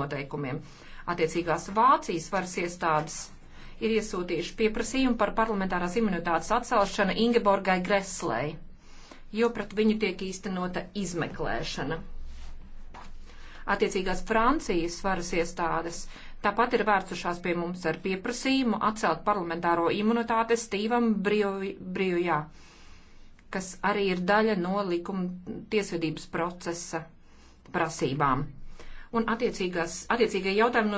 noteikumiem. Attiecīgās Vācijas varas iestādes ir iesūtījuši pieprasījumu par parlamentārās imunitātes atcelšanu Ingeborgai Greslei, jo pret viņu tiek īstenota izmeklēšana. Attiecīgās Francijas varas iestādes tāpat ir vērsušās pie mums ar pieprasījumu atcelt parlamentāro imunitāti Stīvam Brījujā, kas arī ir daļa no likuma tiesvedības procesa prasībām un attiecīgās, attiecīgie jautājumi no